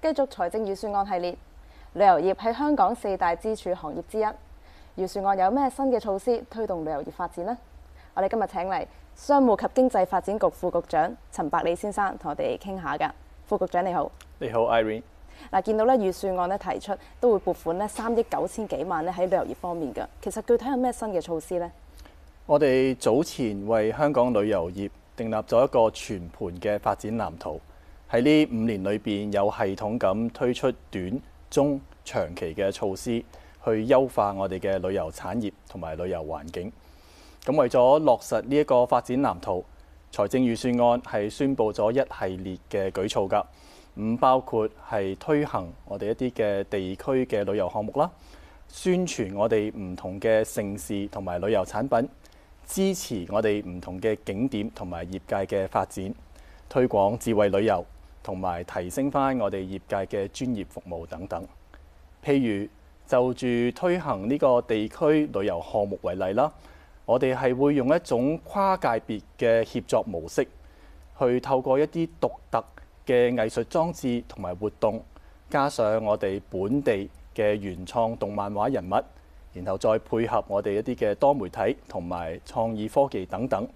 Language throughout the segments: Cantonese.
繼續財政預算案系列，旅遊業係香港四大支柱行業之一。預算案有咩新嘅措施推動旅遊業發展呢？我哋今日請嚟商務及經濟發展局副局長陳百里先生同我哋傾下噶。副局長你好，你好 Irene。嗱，見到咧預算案咧提出都會撥款咧三億九千幾萬咧喺旅遊業方面噶。其實具體有咩新嘅措施呢？我哋早前為香港旅遊業訂立咗一個全盤嘅發展藍圖。喺呢五年裏邊有系統咁推出短、中、長期嘅措施，去優化我哋嘅旅遊產業同埋旅遊環境。咁為咗落實呢一個發展藍圖，財政預算案係宣布咗一系列嘅舉措㗎，唔包括係推行我哋一啲嘅地區嘅旅遊項目啦，宣傳我哋唔同嘅城市同埋旅遊產品，支持我哋唔同嘅景點同埋業界嘅發展，推廣智慧旅遊，同埋提升翻我哋業界嘅專業服務等等，譬如就住推行呢個地區旅遊項目為例啦，我哋係會用一種跨界別嘅協作模式，去透過一啲獨特嘅藝術裝置同埋活動，加上我哋本地嘅原創動漫畫人物，然後再配合我哋一啲嘅多媒體同埋創意科技等等。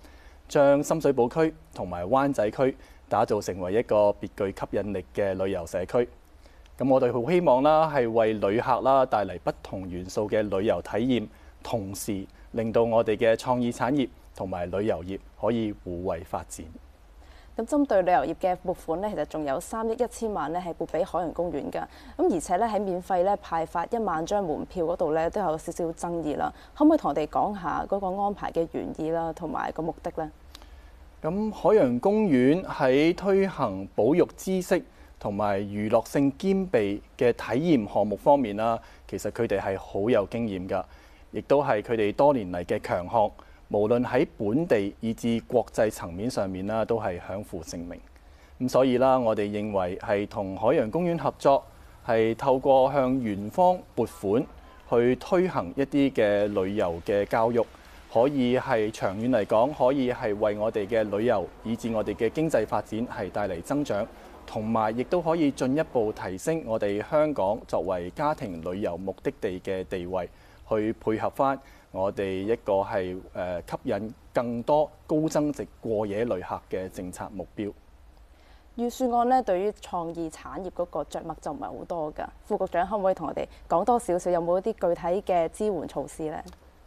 將深水埗區同埋灣仔區打造成為一個別具吸引力嘅旅遊社區。咁我哋好希望啦，係為旅客啦帶嚟不同元素嘅旅遊體驗，同時令到我哋嘅創意產業同埋旅遊業可以互惠發展。咁針對旅遊業嘅撥款呢，其實仲有三億一千萬呢，係撥俾海洋公園噶。咁而且咧，喺免費咧派發一萬張門票嗰度咧，都有少少爭議啦。可唔可以同我哋講下嗰個安排嘅原意啦，同埋個目的呢？咁海洋公園喺推行保育知識同埋娛樂性兼備嘅體驗項目方面啦，其實佢哋係好有經驗㗎，亦都係佢哋多年嚟嘅強項，無論喺本地以至國際層面上面啦，都係享負盛名。咁所以啦，我哋認為係同海洋公園合作，係透過向園方撥款去推行一啲嘅旅遊嘅教育。可以係長遠嚟講，可以係為我哋嘅旅遊，以至我哋嘅經濟發展係帶嚟增長，同埋亦都可以進一步提升我哋香港作為家庭旅遊目的地嘅地位，去配合返我哋一個係誒吸引更多高增值過夜旅客嘅政策目標。預算案呢，對於創意產業嗰個著墨就唔係好多㗎。副局長可唔可以同我哋講多少少？有冇一啲具體嘅支援措施呢？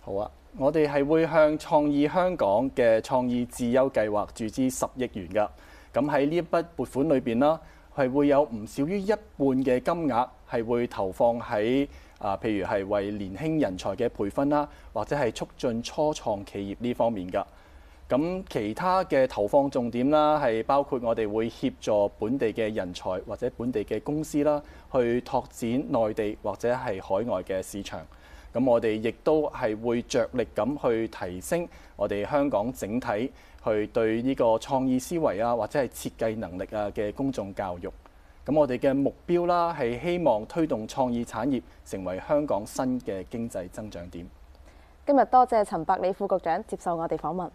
好啊，我哋係會向創意香港嘅創意智優計劃注資十億元噶。咁喺呢筆撥款裏邊啦，係會有唔少於一半嘅金額係會投放喺啊，譬如係為年輕人才嘅培訓啦，或者係促進初創企業呢方面噶。咁其他嘅投放重點啦，係包括我哋會協助本地嘅人才或者本地嘅公司啦，去拓展內地或者係海外嘅市場。咁我哋亦都係會着力咁去提升我哋香港整體去對呢個創意思維啊，或者係設計能力啊嘅公眾教育。咁我哋嘅目標啦、啊，係希望推動創意產業成為香港新嘅經濟增長點。今日多謝陳百里副局長接受我哋訪問。